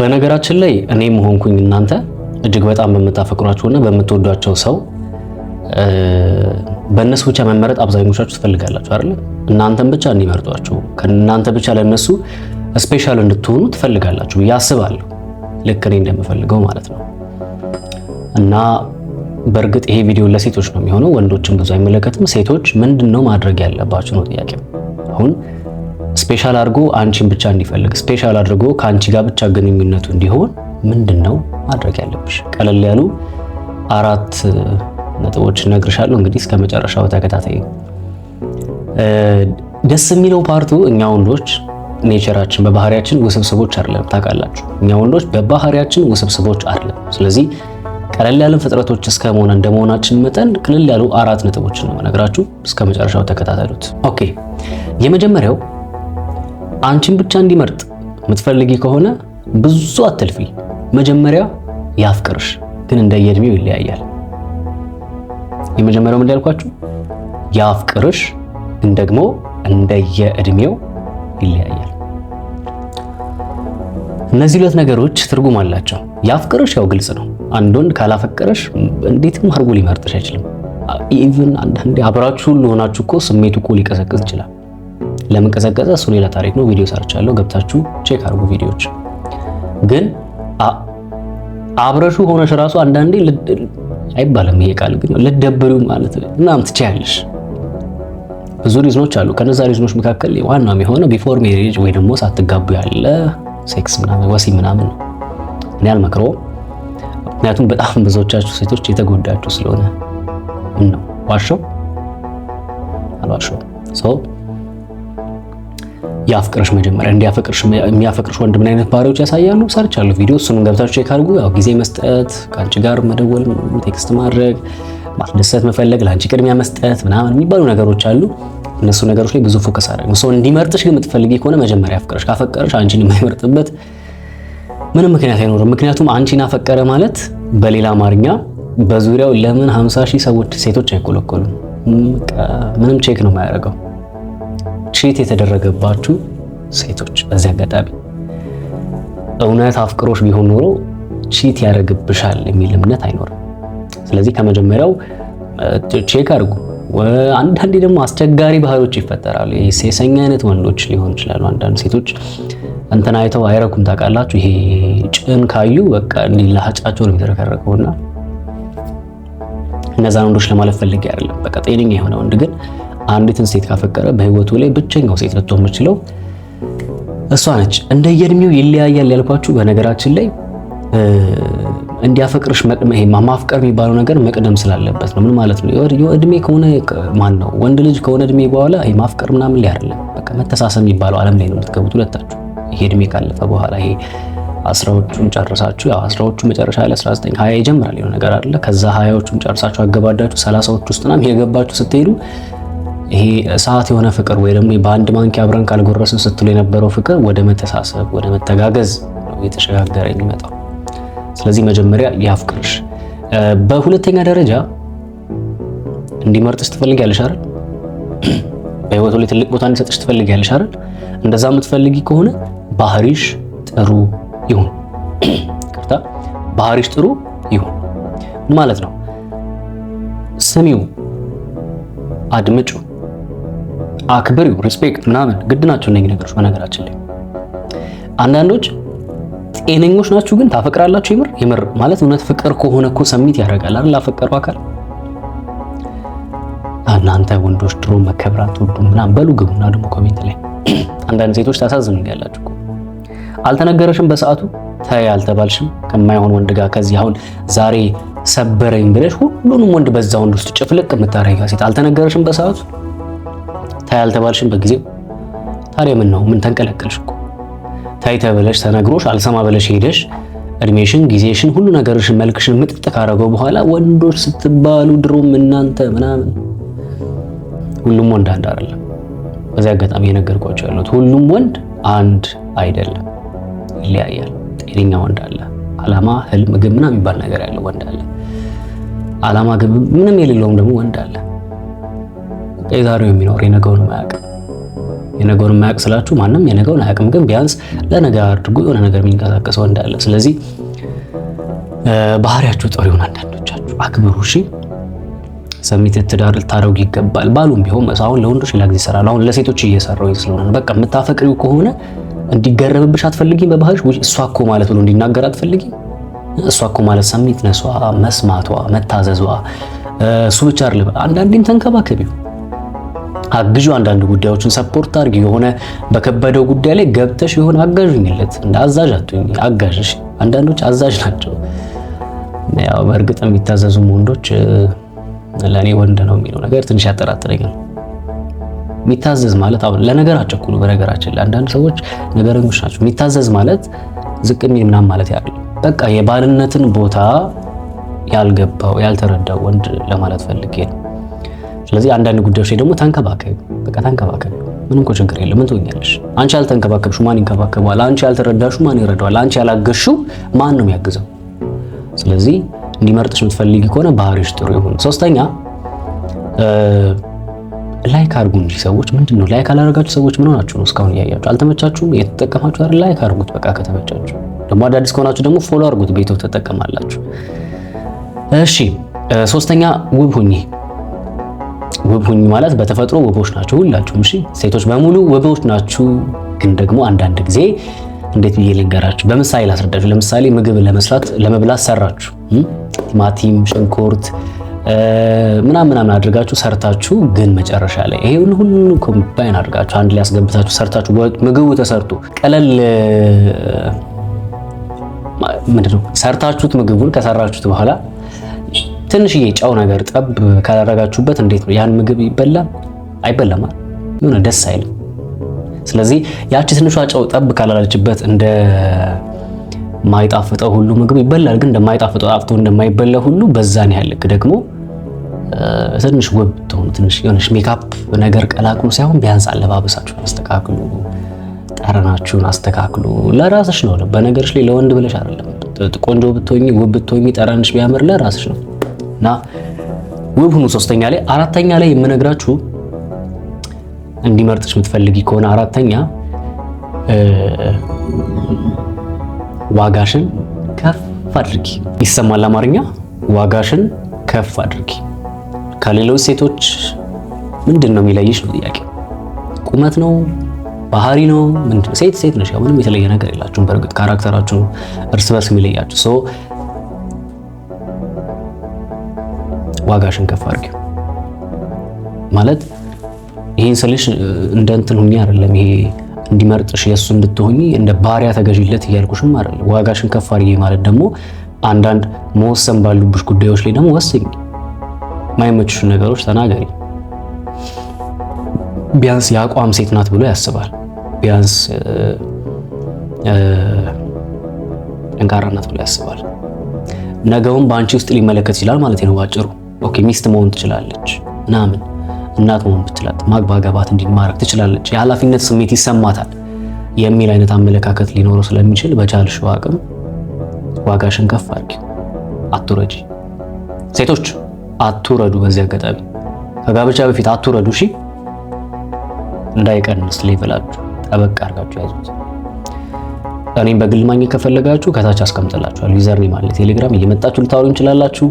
በነገራችን ላይ እኔ መሆንኩኝ እናንተ እጅግ በጣም በምታፈቅሯቸውና በምትወዷቸው ሰው በእነሱ ብቻ መመረጥ አብዛኞቻችሁ ትፈልጋላችሁ አይደለ? እናንተን ብቻ እንዲመርጧችሁ ከእናንተ ብቻ ለእነሱ ስፔሻል እንድትሆኑ ትፈልጋላችሁ ብዬ አስባለሁ። ልክ እኔ እንደምፈልገው ማለት ነው። እና በእርግጥ ይሄ ቪዲዮ ለሴቶች ነው የሚሆነው፣ ወንዶችን ብዙ አይመለከትም። ሴቶች ምንድን ነው ማድረግ ያለባችሁ ነው ጥያቄ? አሁን ስፔሻል አድርጎ አንቺን ብቻ እንዲፈልግ ስፔሻል አድርጎ ከአንቺ ጋር ብቻ ግንኙነቱ እንዲሆን ምንድን ነው ማድረግ ያለብሽ? ቀለል ያሉ አራት ነጥቦች እነግርሻለሁ። እንግዲህ እስከ መጨረሻው ተከታታይ። ደስ የሚለው ፓርቱ እኛ ወንዶች ኔቸራችን በባህሪያችን ውስብስቦች አይደለም። ታውቃላችሁ፣ እኛ ወንዶች በባህሪያችን ውስብስቦች አይደለም። ስለዚህ ቀለል ያለን ፍጥረቶች እስከ መሆን እንደመሆናችን መጠን ቀለል ያሉ አራት ነጥቦች ነው እነግራችሁ። እስከ መጨረሻው ተከታተሉት። ኦኬ፣ የመጀመሪያው አንቺን ብቻ እንዲመርጥ የምትፈልጊ ከሆነ ብዙ አትልፊ። መጀመሪያ ያፍቅርሽ፣ ግን እንደየእድሜው ይለያያል። የመጀመሪያው ምን ያልኳችሁ ያፍቅርሽ፣ ግን ደግሞ እንደየእድሜው ይለያያል። እነዚህ ሁለት ነገሮች ትርጉም አላቸው። ያፍቅርሽ ያው ግልጽ ነው። አንድ ወንድ ካላፈቀረሽ እንዴትም አድርጎ ሊመርጥሽ አይችልም። ኢቭን አንዳንዴ አብራችሁ ሁሉ ሆናችሁ እኮ ስሜቱ እኮ ሊቀሰቅስ ይችላል። ለምን ቀዘቀዘ? እሱ ሌላ ታሪክ ነው። ቪዲዮ ሰርቻለሁ፣ ገብታችሁ ቼክ አድርጉ። ቪዲዮዎች ግን አብረሹ ሆነሽ ራሱ አንዳንዴ አይባልም ይሄ ቃል ግን ልደብሩ ማለት ምናምን ትችያለሽ። ብዙ ሪዝኖች አሉ። ከነዛ ሪዝኖች መካከል ዋናው የሆነ ቢፎር ሜሪጅ ወይ ደግሞ ሳትጋቡ ያለ ሴክስ ምናምን ወሲ ምናምን ነው። እኔ አልመክረውም፣ ምክንያቱም በጣም ብዙዎቻችሁ ሴቶች የተጎዳችሁ ስለሆነ ነው። ዋሸው አልዋሸው ሰው ያፍቅርሽ መጀመሪያ እንዲያፈቅርሽ የሚያፈቅርሽ ወንድ ምን አይነት ባህሪዎች ያሳያሉ? ሰርች አሉ ቪዲዮ እሱንም ገብታችሁ ቼክ አድርጉ። ያው ጊዜ መስጠት፣ ከአንቺ ጋር መደወል፣ ቴክስት ማድረግ፣ ማስደሰት መፈለግ፣ ለአንቺ ቅድሚያ መስጠት ምናምን የሚባሉ ነገሮች አሉ። እነሱ ነገሮች ላይ ብዙ ፎከስ አድርጉ። ሰው እንዲመርጥሽ ግን የምትፈልጊ ከሆነ መጀመሪያ ያፍቅርሽ። ካፈቀርሽ አንቺን የማይመርጥበት ምንም ምክንያት አይኖርም። ምክንያቱም አንቺን አፈቀረ ማለት በሌላ አማርኛ በዙሪያው ለምን 50 ሺህ ሰዎች ሴቶች አይቆለቆሉም ምንም ቼክ ነው የማያደርገው ቺት የተደረገባችሁ ሴቶች በዚህ አጋጣሚ እውነት አፍቅሮች ቢሆን ኖሮ ቺት ያደርግብሻል የሚል እምነት አይኖርም። ስለዚህ ከመጀመሪያው ቼክ አድርጉ። አንዳንዴ ደግሞ አስቸጋሪ ባህሎች ይፈጠራሉ። ይሄ ሴሰኛ አይነት ወንዶች ሊሆን ይችላሉ። አንዳንድ ሴቶች እንትን አይተው አይረኩም። ታውቃላችሁ፣ ይሄ ጭን ካዩ በቃ ለሀጫቸው ነው የሚተረከረከውና እነዛን ወንዶች ለማለት ፈልጌ አይደለም። በቃ ጤነኛ የሆነ ወንድ ግን አንዲትን ሴት ካፈቀረ በህይወቱ ላይ ብቸኛው ሴት ልትሆን የምችለው እሷ ነች። እንደየእድሜው ይለያያል ያልኳችሁ። በነገራችን ላይ እንዲያፈቅርሽ ማፍቀር የሚባለው ነገር መቅደም ስላለበት ነው። ምን ማለት ነው? እድሜ ከሆነ ማን ነው ወንድ ልጅ ከሆነ እድሜ በኋላ ማፍቀር ምናምን ላይ አይደለም። በቃ መተሳሰብ የሚባለው ዓለም ላይ ነው የምትገቡት ሁለታችሁ። ይሄ እድሜ ካለፈ በኋላ ይሄ አስራዎቹን ጨርሳችሁ ያው አስራዎቹ መጨረሻ ላይ 19 20 ይጀምራል የሆነ ነገር አይደለ? ከዛ 20ዎቹን ጨርሳችሁ አገባዳችሁ 30ዎቹ ውስጥ ምናምን የገባችሁ ስትሄዱ ይሄ እሳት የሆነ ፍቅር ወይ ደግሞ በአንድ ማንኪያ አብረን ካልጎረስን ስትሉ የነበረው ፍቅር ወደ መተሳሰብ ወደ መተጋገዝ ነው የተሸጋገረ የሚመጣው። ስለዚህ መጀመሪያ ያፍቅርሽ። በሁለተኛ ደረጃ እንዲመርጥሽ ትፈልጊያለሽ አይደል? በህይወቱ ላይ ትልቅ ቦታ እንዲሰጥሽ ትፈልጊያለሽ አይደል? እንደዛ የምትፈልጊ ከሆነ ባህሪሽ ጥሩ ይሁን። ይቅርታ፣ ባህሪሽ ጥሩ ይሁን ማለት ነው። ስሚው፣ አድምጪው አክብሪው፣ ሪስፔክት ምናምን ግድ ናቸው እነኚህ ነገሮች። በነገራችን ላይ አንዳንዶች ጤነኞች ናችሁ ግን ታፈቅራላችሁ። ይምር ይምር ማለት እውነት ፍቅር ከሆነ እኮ ሰሚት ያደርጋል አይደል? ላፈቀሩ አካል እናንተ ወንዶች ድሮ መከብር አትወዱም ምናምን በሉ ግቡና ደግሞ ኮሜንት ላይ አንዳንድ ሴቶች ታሳዝኑኛላችሁ። አልተነገረሽም በሰዓቱ ተይ አልተባልሽም ከማይሆን ወንድ ጋር ከዚህ አሁን ዛሬ ሰበረኝ ብለሽ ሁሉንም ወንድ በዛ ወንድ ውስጥ ጭፍልቅ የምታረጋ ሴት አልተነገረሽም በሰዓቱ ታያልተባልሽን በጊዜው ታዲያ ምን ነው? ምን ተንቀለቀልሽ እኮ ታይ ተብለሽ ተነግሮሽ አልሰማ ብለሽ ሄደሽ እድሜሽን፣ ጊዜሽን፣ ሁሉ ነገርሽን፣ መልክሽን ምጥጥ ካረገው በኋላ ወንዶች ስትባሉ ድሮም እናንተ ምናምን ሁሉም ወንድ አንድ አይደለም። በዚህ አጋጣሚ የነገርኳቸው ያሉት ሁሉም ወንድ አንድ አይደለም፣ ይለያያል። ጤነኛ ወንድ አለ፣ አላማ፣ ህልም፣ ግብ ምናምን የሚባል ነገር ያለው ወንድ አለ፣ አላማ ግብ ምንም የሌለውም ደግሞ ወንድ አለ። የዛሬው የሚኖር የነገውን ማያውቅ የነገውን ማያውቅ ስላችሁ ማንም የነገውን አያውቅም፣ ግን ቢያንስ ለነገ አድርጎ የሆነ ነገር የሚንቀሳቀሰው እንዳለ። ስለዚህ ባህሪያችሁ ጥሩ ይሁን። አንዳንዶቻችሁ አክብሩ። እሺ ሰሚት ትዳር ልታደርጉ ይገባል። ባሉም ቢሆን አሁን ለወንዶች ሌላ ጊዜ ይሰራል። አሁን ለሴቶች እየሰራው ስለሆነ በቃ የምታፈቅሪው ከሆነ እንዲገረብብሽ አትፈልጊም። በባህሪሽ እሷ እኮ ማለት ብሎ እንዲናገር አትፈልጊም። እሷ እኮ ማለት ሰሚት ነሷ፣ መስማቷ፣ መታዘዟ እሱ ብቻ አይደለም። አንዳንዴም ተንከባከቢው አግዡ፣ አንዳንድ ጉዳዮችን ሰፖርት አድርጊ። የሆነ በከበደው ጉዳይ ላይ ገብተሽ የሆነ አጋዥኝለት፣ እንደ አዛዥ አትሁኝ፣ አጋዥሽ። አንዳንዶች አዛዥ ናቸው። ያው በእርግጥ የሚታዘዙም ወንዶች ለእኔ ወንድ ነው የሚለው ነገር ትንሽ ያጠራጥረኛል። የሚታዘዝ ማለት አሁን ለነገር አቸኩሉ። በነገራችን ላይ አንዳንድ ሰዎች ነገረኞች ናቸው። የሚታዘዝ ማለት ዝቅ የሚል ምናምን ማለት ያለ በቃ የባልነትን ቦታ ያልገባው ያልተረዳው ወንድ ለማለት ፈልጌ ነው። ስለዚህ አንዳንድ ጉዳዮች ላይ ደግሞ ተንከባከብ፣ በቃ ተንከባከብ። ምንም እኮ ችግር የለም። ምን ትሆኛለሽ? አንቺ ያልተንከባከብሽው ማን ይንከባከበዋል? አንቺ ያልተረዳሽው ማን ይረዳዋል? አንቺ ያላገዝሽው ማን ነው የሚያግዘው? ስለዚህ እንዲመርጥሽ የምትፈልጊ ከሆነ ባህሪሽ ጥሩ ይሁን። ሶስተኛ ላይክ አድርጉ እንጂ ሰዎች ምንድን ነው ላይክ አላደረጋችሁ ሰዎች ምን ሆናችሁ ነው? እስካሁን እያያችሁ አልተመቻችሁም? የተጠቀማችሁ አይደል? ላይክ አድርጉት በቃ ከተመቻችሁ። ደግሞ አዳዲስ ከሆናችሁ ደግሞ ፎሎ አድርጉት፣ ቤተው ተጠቀማላችሁ። እሺ ሶስተኛ ውብ ሁኚ። ውብ ሁኝ ማለት በተፈጥሮ ውቦች ናቸው ሁላችሁም። እሺ ሴቶች በሙሉ ውቦች ናችሁ። ግን ደግሞ አንዳንድ ጊዜ እንዴት ብዬ ልንገራችሁ፣ በምሳሌ ላስረዳችሁ። ለምሳሌ ምግብ ለመስራት ለመብላት ሰራችሁ፣ ቲማቲም፣ ሽንኩርት ምናምን ምናምን አድርጋችሁ ሰርታችሁ፣ ግን መጨረሻ ላይ ይሄ ሁሉ ሁሉ ኮምባይን አድርጋችሁ አንድ ላይ አስገብታችሁ ሰርታችሁ ምግቡ ተሰርቶ ቀለል ምንድነው ሰርታችሁት ምግቡን ከሰራችሁት በኋላ ትንሽዬ ጨው ነገር ጠብ ካላረጋችሁበት እንዴት ነው ያን ምግብ ይበላል? አይበላም። የሆነ ደስ አይልም። ስለዚህ ያቺ ትንሿ ጨው ጠብ ካላለችበት እንደ ማይጣፍጠው ሁሉ ምግብ ይበላል። ግን እንደማይጣፍጠው አፍቶ እንደማይበላ ሁሉ በዛን ያህል ደግሞ ትንሽ ውብ ትሆኑ ትንሽ የሆነሽ ሜካፕ ነገር ቀላቅሉ ሳይሆን ቢያንስ አለባበሳችሁን አስተካክሉ፣ ጠረናችሁን አስተካክሉ። ለራስሽ ነው፣ በነገርሽ ላይ ለወንድ ብለሽ አይደለም። ቆንጆ ብትሆኚ ውብ ብትሆኚ ጠረንሽ ቢያምር ለራስሽ ነው። እና ውብ ሁኑ። ሶስተኛ ላይ አራተኛ ላይ የምነግራችሁ እንዲመርጥሽ የምትፈልጊ ከሆነ አራተኛ ዋጋሽን ከፍ አድርጊ። ይሰማል አማርኛ። ዋጋሽን ከፍ አድርጊ። ከሌሎች ሴቶች ምንድን ነው የሚለይሽ ነው ጥያቄ። ቁመት ነው? ባህሪ ነው? ሴት ሴት ነሽ። ምንም የተለየ ነገር የላችሁም። በእርግጥ ካራክተራችሁ እርስ በርስ የሚለያችሁ ዋጋሽን ከፍ አድርጊው። ማለት ይሄን ስልሽ እንደ እንትን ሁኚ አይደለም። ይሄ እንዲመርጥሽ የእሱ እንድትሆኚ እንደ ባሪያ ተገዥለት እያልኩሽም አይደለም። ዋጋሽን ከፍ አድርጊ ማለት ደግሞ አንዳንድ መወሰን ባሉብሽ ጉዳዮች ላይ ደግሞ ወስኝ። ማይመችሽ ነገሮች ተናገሪ። ቢያንስ የአቋም ሴት ናት ብሎ ያስባል። ቢያንስ ጠንካራ ናት ብሎ ያስባል። ነገውን በአንቺ ውስጥ ሊመለከት ይችላል ማለት ነው ባጭሩ። ኦኬ ሚስት መሆን ትችላለች ምናምን እናት መሆን ብትላት ማግባጋባት እንዲማረክ ትችላለች የኃላፊነት ስሜት ይሰማታል የሚል አይነት አመለካከት ሊኖረው ስለሚችል በቻልሽው አቅም ዋጋሽን ከፍ አድርጊ። አትውረጂ። ሴቶች አትውረዱ። በዚህ አጋጣሚ ከጋብቻ በፊት አትውረዱ። እሺ፣ እንዳይቀንስ ሌቭላችሁ ጠበቅ አድርጋችሁ ያዙት። እኔም በግል ማግኘት ከፈለጋችሁ ከታች አስቀምጥላችኋል ዩዘርኔ አለ ቴሌግራም እየመጣችሁ ልታወሩ እንችላላችሁ።